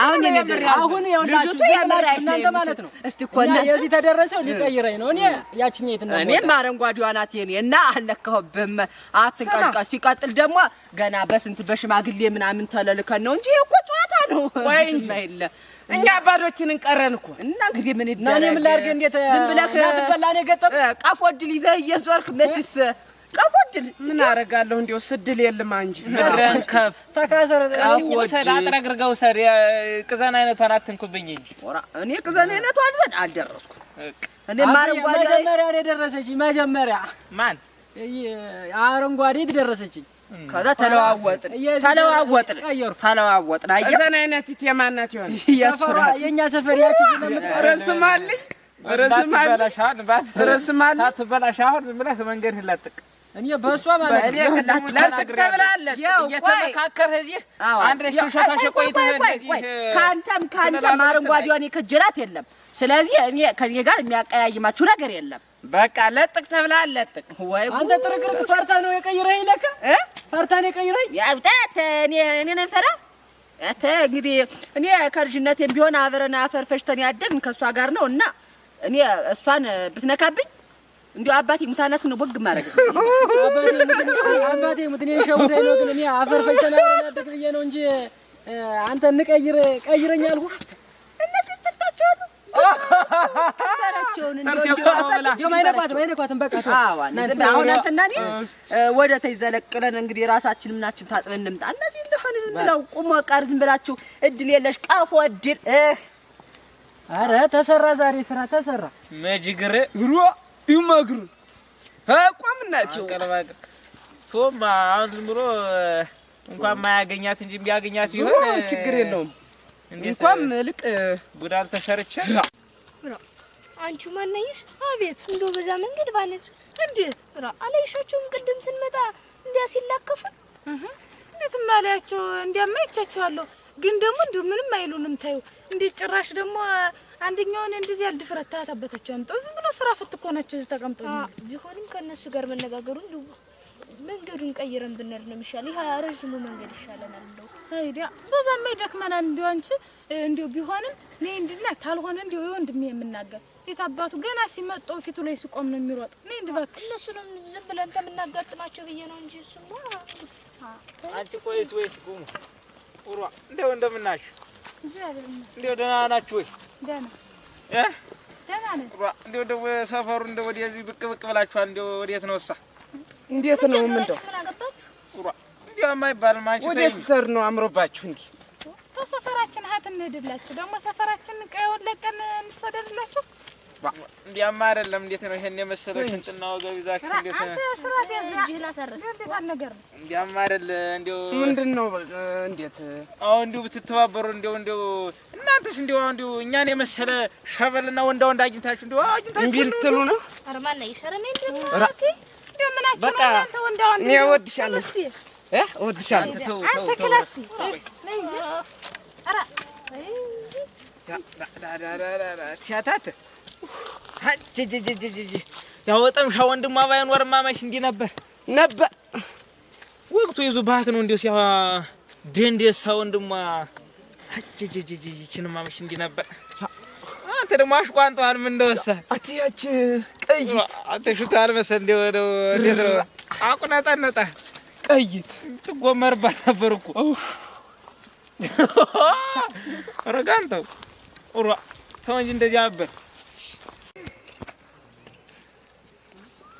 አሁን አሁን ልጅቱ የምር እናንተ ማለት ነው። እስቲ እኮ የዚህ ተደረሰው ሊቀይረኝ ነው። እኔ ያችኛ የት ነው? እኔም አረንጓዴዋ ናት የኔ እና አልነካሁብህም። አትንቀጭቀጭ። ሲቀጥል ደግሞ ገና በስንት በሽማግሌ ምናምን ተለልከን ነው እንጂ እኮ ጨዋታ ነው ወይ እንጂ እኛ አባዶችንን እንቀረን እኮ እና እንግዲህ ምን ይደረግ? እኔ ምን ላድርግ? እንዴት ዝም ብለህ ቀፎ ድል ይዘህ እየዞርክ መችስ ቀፎ እድል ምን አደርጋለሁ? እንዲያው ስድል የልማ እንጂ ምድረን ከፍ ተካሰረ ሰራ አጥረግርገው ሰር ቅዘን አይነቷን አትንኩብኝ እንጂ እኔ ቅዘን አይነቷን ዘን አልደረስኩም። እኔ ማረንጓዴ መጀመሪያ ነው የደረሰችኝ። መጀመሪያ ማን አረንጓዴ ደረሰችኝ። ከዛ ተለዋወጥን ተለዋወጥን ተለዋወጥን። አየህ ቅዘን አይነት የማናት ይሆን የእኛ ሰፈር ያቺ ስለምትረስማልኝ ረስማልኝ ረስማልኝ ሳትበላሽ አሁን ብለህ መንገድ ላጥቅ እኔ በእሷ ማለት ነው። ከአንተም ከአንተም አረንጓዴዋን የከጀላት የለም። ስለዚህ እኔ ከኔ ጋር የሚያቀያይማችሁ ነገር የለም። በቃ ለጥቅ ተብለሃል። ለጥቅ ወይ አንተ ጥርቅርቅ ፈርታ ነው የቀይረህ። ይለካ ፈርታ ነው የቀይረህ። እኔ እኔ ነው አተ እንግዲህ እኔ ከልጅነቴም ቢሆን አብረን አፈር ፈጭተን ያደግን ከእሷ ጋር ነው እና እኔ እሷን ብትነካብኝ እንዲሁ አባቴ ሙታናት ነው ወግ ማረግ አባቴ ሙትኔ ሸውዳይ ነው። ግን እኔ አፈር ያደግ ብዬ ነው እንጂ አንተ እንቀይር ቀይረኝ ወደ ተይ ዘለቅ እንግዲህ ራሳችን ምናችን ታጥበን እንምጣ። እነዚህ እንደሆነ ዝም ብለው ቁሞ ቀር ዝም ብላችሁ እድል የለሽ እድል። ተሰራ ዛሬ ስራ ተሰራ መጅግር ይመግሩ አቋም እናት ይው ሶማ አሁን ዝም ብሎ እንኳን ማያገኛት እንጂ ቢያገኛት ይሆን ችግር የለውም። እንኳን ልቅ ጉዳል ተሰርቼ አንቺ ማነኝሽ? አቤት እንዶ በዛ መንገድ ባነት እንዴት ራ አላየሻቸውም? ቅድም ስንመጣ እንዲያ ሲላከፉ እንዴት ማላያቸው እንዲያማ ይቻቸዋለሁ። ግን ደግሞ እንደው ምንም አይሉንም። ታዩ እንዴት ጭራሽ ደግሞ አንደኛውን እንደዚህ ያልድፍረት ታታበታቸው አምጠው ዝም ብሎ ስራ ፈት እኮ ናቸው። እዚህ ተቀምጠው ቢሆንም ከእነሱ ጋር መነጋገሩ እንደው መንገዱን ቀይረን ብንሄድ ነው የሚሻል። ይህ ረዥሙ መንገድ ይሻለናል። እንደው አይዳ በዛም ይደክመናል። እንደው አንቺ እንደው ቢሆንም እኔ እንድና ታልሆነ እንደው የወንድሜ የምናገር የት አባቱ ገና ሲመጣው ፊቱ ላይ ሲቆም ነው የሚሮጥ። እኔ እንድባክሽ እነሱንም ዝም ብለን ከምናጋጥማቸው ብዬ ነው እንጂ እሱማ አንቺ ቆይስ ወይስ ቁሙ ቁሯ እንደው እንደምናሽ እንደው ደህና ናችሁ ወይ? እንደው ሰፈሩ እንደው ወደዚህ ብቅ ብቅ ብላችኋል። እንደው ወዴት ነው እሳ? እንዴት ነው የምንደው? እንደው የማይባልም አንቺ ወዴት ትሰር ነው አምሮባችሁ እንደ ተው ሀት እንሂድላችሁ ደግሞ ሰፈራችን ቀየውን ለቀን እንሰደድላችሁ እንዲያማ አይደለም። እንዴት ነው ይሄን የመሰለ ሽንጥና ወገብ ይዛችሁ እንዴት ነው? እንዲያማ አይደል እንዲያው ምንድን ነው እንዴት? አዎ እንዲሁ ብትተባበሩ እንዲያው እንዲያው እናንተስ እንዲያው እንዲያው እኛን የመሰለ ሸበልና ወንዳ ወንዳ አግኝታችሁ እንዲያው አግኝታችሁ እምቢ ልትሉ ነው? ኧረ ማነው ይሸረም እንዴት ነው? በቃ እኔ እወድሻለሁ እ እወድሻለሁ ተው ተው ተው ያው ወጠምሻ ወንድሟ ባይኖር ማመሽ እንዲህ ነበር ነበር ወቅቱ ይዙ ባህት ነው። እንዲሁ ሲያ ደንደሳ ወንድሟ ችን ማመሽ እንዲህ ነበር። አንተ ደግሞ አሽቋንጧን ምን እንደወሳ አትያች ቀይት አንተ ሹታ አልመሰ እንዲ አቁነጠነጠ ቀይት ትጎመርባት ነበር እኮ ረጋንተው ሩ ተው እንደዚህ አበር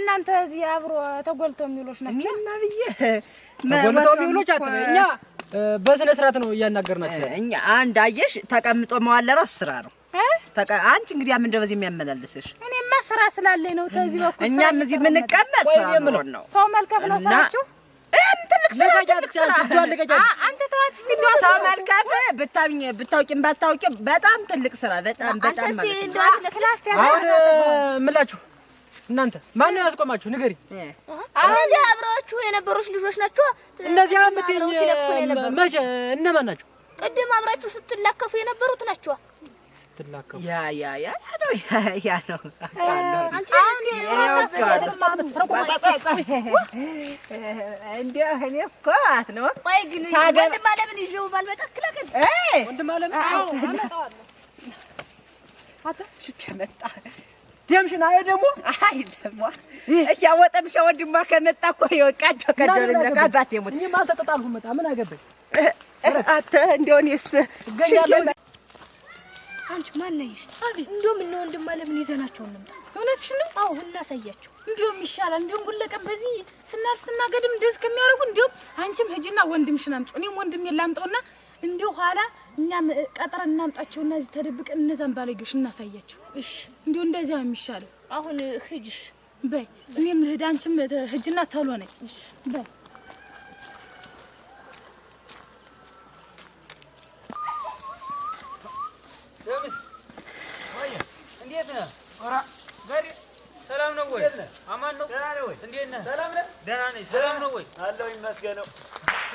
እናንተ እዚህ አብሮ ተጎልቶ የሚውሎች ናቸው እና ብዬ ተጎልተው የሚውሎች አትበይ። እኛ በስነ ስርዓት ነው እያናገርናቸው። እኛ አንድ አየሽ ተቀምጦ መዋል ለራሱ ስራ ነው። አንቺ እንግዲህ ምን እንደበዚህ የሚያመላልስሽ? እኔማ ስራ ስላለኝ ነው። ተዚህ በኩል እኛም እዚህ የምንቀመጥ ስራ ነው። ሰው መልከፍ ነው ስራችሁ። ብታውቂም ባታውቂም በጣም ትልቅ ስራ። በጣም በጣም ምላችሁ እናንተ ማን ነው ያስቆማችሁ? ንገሪ። አሁን አብረዋችሁ የነበሩት ልጆች ናቸው እነዚህ። አምጥኝ መቼ? እነማን ናቸው? ቅድም አብራችሁ ስትላከፉ የነበሩት ናቸው። ስትላከፉ ያ ያ ያ ነው ያ ነው። እኔ ነው። ግን አታ ሽት ያመጣ ደምሽን አየ ደግሞ አይ ደግሞ እያወጠምሻ ወንድሟ ከመጣ እኮ ይወቃጆ ከደረኛ ካባት የሙት እኔ ማልተጣጣልሁ መጣ ምን አገባኝ አተ እንደው እኔስ እገኛለሁ። አንቺ ማን ነሽ? አቤት። እንደውም እነ ወንድማ ለምን ይዘናቸው እንምጣ? እውነትሽ ነው? አዎ እናሳያቸው። እንደውም ይሻላል። እንደውም ሁለቀን በዚህ ስናልፍ ስናገድም እንደዚህ ከሚያደርጉ እንደውም አንቺም ሂጂና ወንድምሽን አምጪው፣ እኔም ወንድሜን ላምጣውና እንዲሁ ኋላ እኛም ቀጥረ እናምጣቸው እና እዚህ ተደብቅ እነዛን ባለጌዎች እናሳያቸው። እሺ፣ እንዲሁ እንደዚያ የሚሻለው አሁን ሂጅሽ በይ። እኔም ልሂድ፣ አንቺም ሂጂና ተሎ ነኝ። እሺ በይ ሰላም ነው ወይ? አማን ነው። ደህና ነህ? ደህና ነህ? ሰላም ነው ወይ? አለሁ ይመስገነው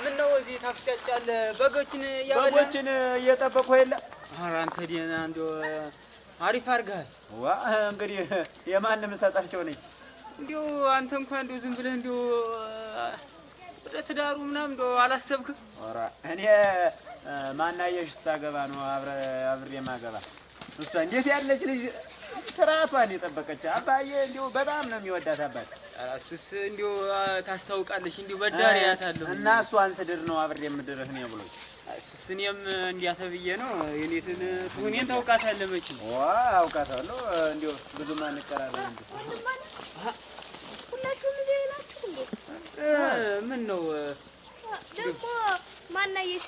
ምነው እዚህ ታፍጫጫለህ? በጎችን እያበላህ በጎችን እየጠበኩ የለ። ኧረ አንተ ደህና እንደው አሪፍ አድርገሃል። ዋ እንግዲህ የማንም ሰጣቸው ነኝ። እንዲሁ አንተ እንኳን እንዲሁ ዝም ብለህ እንዲሁ ወደ ትዳሩ ምናምን እንዲሁ አላሰብክም? ኧረ እኔ ማናየሽ ስታገባ ነው አብሬ ማገባ። እንዴት ያለች ልጅ ስርዓቷን የጠበቀች አባዬ እንዲሁ በጣም ነው የሚወዳት አባት። እሱስ እንዲሁ ታስታውቃለች። እንዲሁ በዳር ያታለሁ እና እሱ አንተ ድር ነው አብሬ የምድርህ ነው ብሎ እሱስ እኔም እንዲያተብዬ ነው የኔትን ሁኔን ታውቃታለህ መቼም። አውቃታለሁ እንዲሁ ብዙ ማንቀራለን እንዲ ሁላችሁም ዜ ላችሁ ምን ነው ደግሞ ማናየሽ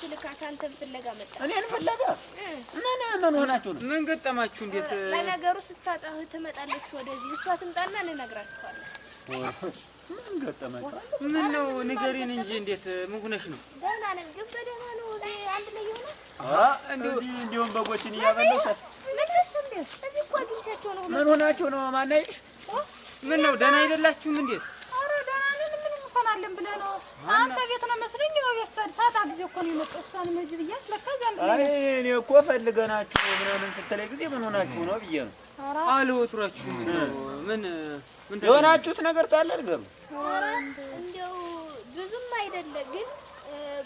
ስልካት አንተን ፍለጋ መጣ። እኔን ፍለጋ ምን ምን ሆናችሁ ነው? ምን ገጠማችሁ? እንዴት ለነገሩ ትመጣለች ወደዚህ። እሷ ትምጣና እንነግራችኋለን። ምን ገጠማችሁ? ምን ነው ንገሪን እንጂ እንዴት ምን ሆነሽ ነው? ደህና ነን፣ ግን በደህና ነው። አንድ ላይ እንዲሁም በጎችን ምን ሆናችሁ ነው? ማናየሽ ምን ነው ደህና አይደላችሁም? እንዴት እንሰራለን ብለህ ነው አንተ ቤት ነው መስሎኝ። ቤት ሳጣ ጊዜ እኮ ነው የመጣው። እሷን መጅ ብያት ለካ እዚያም ብዬሽ እኔ እኮ ፈልገናችሁ ምናምን ስትለኝ ጊዜ ምን ሆናችሁ ነው ብዬ ነው አልወትሯችሁ ምን የሆናችሁት ነገር ታለ ልገም እንዲያው ብዙም አይደለ ግን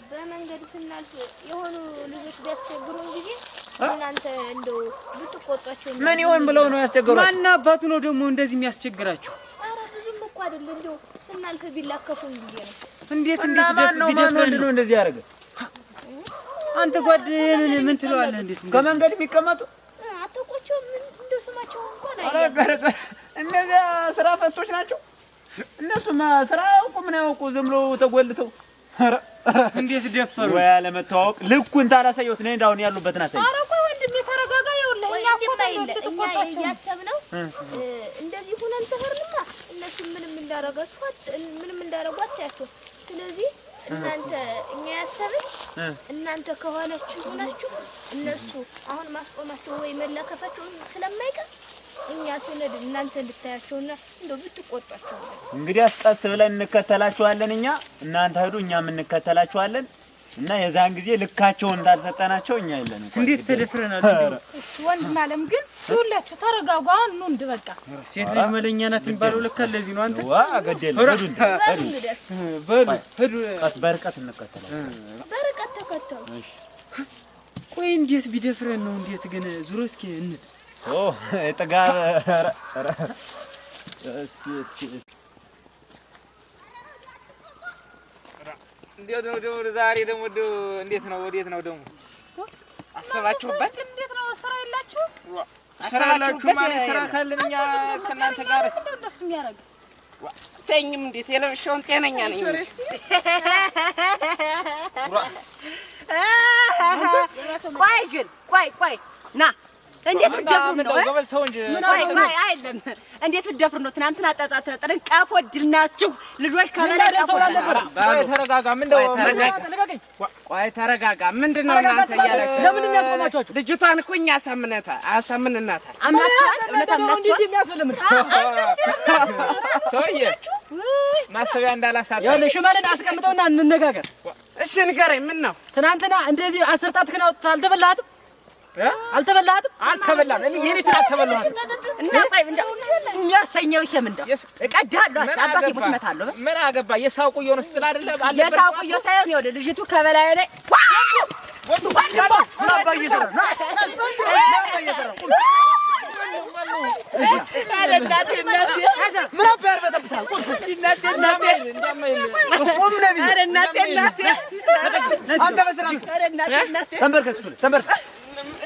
በመንገድ ስናልፍ የሆኑ ልጆች ቢያስቸግሩን ጊዜ እናንተ እንደው ብትቆጧቸው። ምን ይሆን ብለው ነው ያስቸግሯቸው? ማን አባቱ ነው ደግሞ እንደዚህ የሚያስቸግራቸው? አይደል? እንደው ስናልፍ ቢላከፉን ጊዜ ነው። እንዴት እንዴት ነው እንደዚህ ያደረገ? አንተ ጓድ ምን ትለዋለህ? እንዴት ከመንገድ የሚቀመጡ አታውቃቸውም? እንደው ስማቸው እንኳን አይደለም። እነዚያ ስራ ፈቶች ናቸው። እነሱማ ስራ ያውቁ ምን ያውቁ ዝም ብሎ ተጎልተው እንዴት ደፈሩ? ወይ አለመተዋወቅ ልኩን ታላሳየሁት ነኝ። እንዳሁን ያሉበትን አሳይ። ኧረ ቆይ ወንድሜ ተረጋጋ። ይኸውልህ እኛ እኮ እያሰብነው እንደዚህ ሁነን ትህርንማ እነሱ ምንም እንዳረጋችሁ ምንም እንዳረጉ አታያችሁ። ስለዚህ እናንተ እኛ ያሰብን እናንተ ከኋላችሁ ሆናችሁ እነሱ አሁን ማስቆማቸው ወይ መለከፋቸው ስለማይቀር እኛ ስንሄድ እናንተ እንድታያቸውና እንደው ብትቆጧቸው። እንግዲህ አስቀስ ብለን እንከተላችኋለን። እኛ እናንተ ሂዱ፣ እኛም እንከተላችኋለን። እና የዛን ጊዜ ልካቸው እንዳልሰጠናቸው እኛ የለን። እንዴት ተደፍረናል? እሺ ወንድም አለም ግን ሁላችሁ ተረጋጉ። አሁን ኑ እንድበቃ ሴት ልጅ መለኛ ናት የሚባለው ልካ ለዚህ ነው። አንተ ዋ ገደል ሄዱ በሉ ሄዱ። ቀስ በርቀት እንከተላለን። በርቀት ተከተሉ። እሺ ቆይ እንዴት ቢደፍረን ነው? እንዴት ግን ዙሮ እስኪ እንድ ኦ ጥጋብ እንዴት ነው ደግሞ ዛሬ ደግሞ እንዴት ነው ወዴት ነው ደግሞ አሰባችሁበት? እንዴት ነው ስራ የላችሁም? አሰባችሁበት ማለት ስራ ካለን እኛ ከእናንተ ጋር እንደሱ የሚያደርግ ተኝም እንዴት የለብሽውን ጤነኛ ነኝ ቆይ ግን ቆይ ቆይ ና እንዴት ብትደፍር ነው? ተው እንጂ። አይደለም እንዴት ብትደፍር ነው? ትናንትና ጠጣጥረን ቀፎ ድል ናችሁ ልጆች። ከበላ ቀፎ ተረጋጋ። ምን ቆይ ተረጋጋ። ምንድን ነው እናንተ እያላችሁ ለምንድን ነው ያስቆማችኋቸው? ልጅቷን እኮ እኛ አሳምነናታል። አምናችኋል? እውነት አምናችኋል? ሰውዬ ማሰቢያ እንዳላሳብ ሽመልን አስቀምጠውና እንነጋገር። እሺ ንገረኝ፣ ምን ነው ትናንትና እንደዚህ አስር ጣት ክን አልተበላህትም? አልተበላም። የኔ ትዳር አልተበላህትም። እና ቆይ እንደው የሚያሰኘው ይሄም እንደው እቀድሃለሁ፣ አባቴ ቡት እመታለሁ። ምን አገባ የሳውቁ የሆነ ስትል አይደለ? የሳውቁ የሆነ ሳይሆን ይኸውልህ ልጅቱ ከበላዩ ላይ ተንበርከክ ተንበርከክ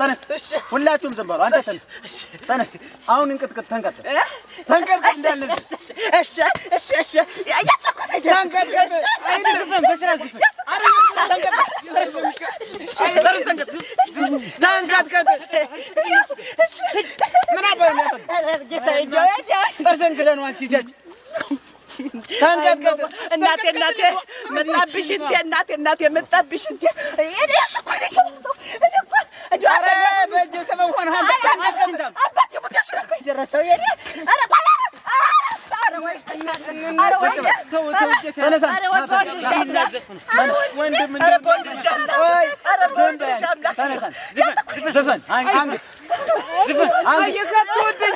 ተነስ፣ ሁላችሁም ዝም በሉ። አንተ ተነስ፣ ተነስ። አሁን እንቅጥቅጥ ተንቀጥ ተንቀጥ እንዳለን እሺ፣ እሺ፣ እሺ። እናቴ እናቴ መጣብሽ እንዴ! እናቴ እናቴ መጣብሽ እንዴ! ዘፈን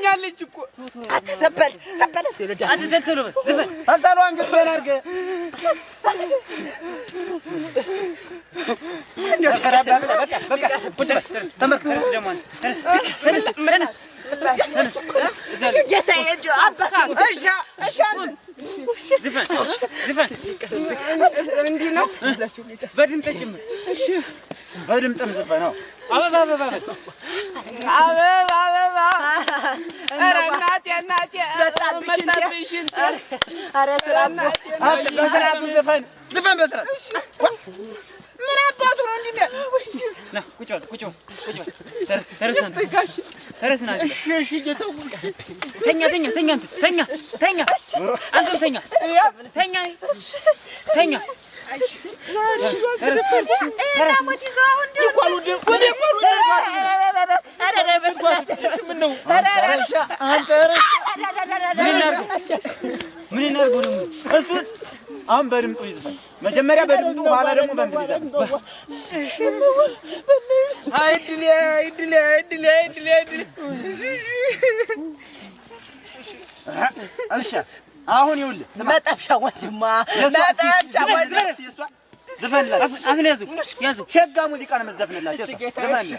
ትገኛለች እኮ አትዘበል ዘበል ዘበል አንታሉ አንገት አድርገ እንዲህ ነው በድምጠ ጭምር በድምጥም ዝፈ ነው ኧረ እናቴ እናቴ መጣብሽ ኧረ ስራ እኮ ዝፈን ዝፈን በስርዓቱ ምን አባቱ ነው እንዲህ ምን እናድርገው ነው እሱን አሁን በድምጡ ይዝፈን። መጀመሪያ በድምጡ በኋላ ደግሞ በእንትን ይዘፈን። አሁን ይኸውልህ መጠብሻ ወንድማ መጠብሻ ወንድማ ዝፈንላት። አሁን ያዙ ያዘው ሸጋ ሙዚቃ ነው የምትዘፍንላት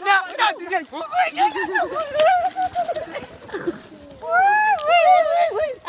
No, no, no, no.